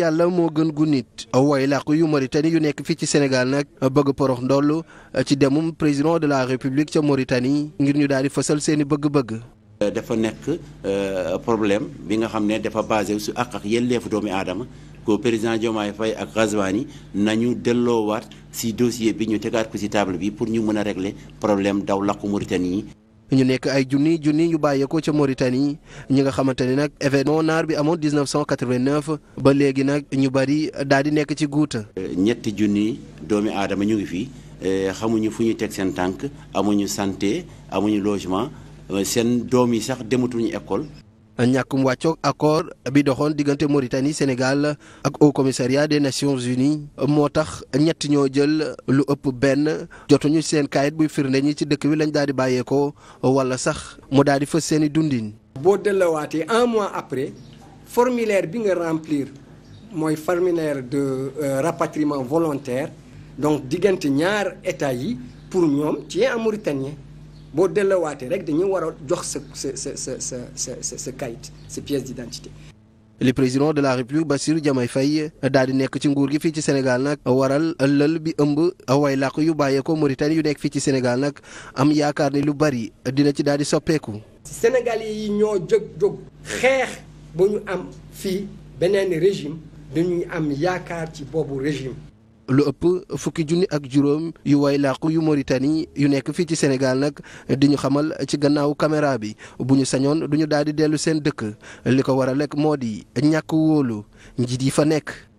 yàlla moo gën gu nit way làkk yu Mauritanie yu nekk fii ci Sénégal nag bëgg porox ndoll ci demum président de la République ca Mauritanie ngir ñu daal di fësal seeni bëgg-bëgg dafa nekk euh, problème bi nga xam ne dafa basé su ak ak yelleefu doomi aadama ko président Diomaye fay ak Ghazouani nañu delloowaat si dossier bi ñu tegaat ko si table bi pour ñu mën a régler problème daw làkku Mauritanie yi ñu nekk ay junni junni ñu bàyyeekoo ca Mauritanie ñi nga xamante ni nag événement naar bi amoon 1989 ba léegi nag ñu bari daal di nekk ci guuta ñetti junni doomi aadama ñu ngi fi eh, xamuñu fu ñu teg seen tànk amuñu santé amuñu logement eh, seen doom yi sax dematuñu école ñàkkum wàccoog accord bi doxoon diggante Mauritanie Sénégal ak Haut Commissariat des Nations Unies moo tax ñett ñoo jël lu ëpp benn jotuñu seen kayit buy firnde ñi ci dëkk bi lañ daal di bàyyeekoo wala sax mu daal di fës seen i dundin. boo delloowaatee un mois après formulaire bi nga remplir mooy formulaire de euh, rapatriement volontaire donc diggante ñaar état yi pour ñoom ci un Mauritanien. boo delloowaatee rek dañuy war a jox sa sa sa sa sa sa sa kayit sa pièce d'identité. li président de la république Bassirou Diomaye fay daal di nekk ci nguur gi fii ci Sénégal nag waral lël bi ëmb way làq yu bàyyeekoo Mauritanie yu nekk fii ci Sénégal nag am yaakaar ni lu bari dina ci daal di soppeeku. sénégal yi ñoo jóg jóg xeex ba ñu am fii beneen régime dañuy am yaakaar ci boobu régime. lu ëpp fukki junni ak juróom yu way làqu yu Mauritanie yu nekk fii ci Sénégal nag di ñu xamal ci gannaaw caméra bi bu ñu sañoon du ñu daal di dellu seen dëkk li ko war a lekk moo di ñàkk wóolu njiit yi fa nekk.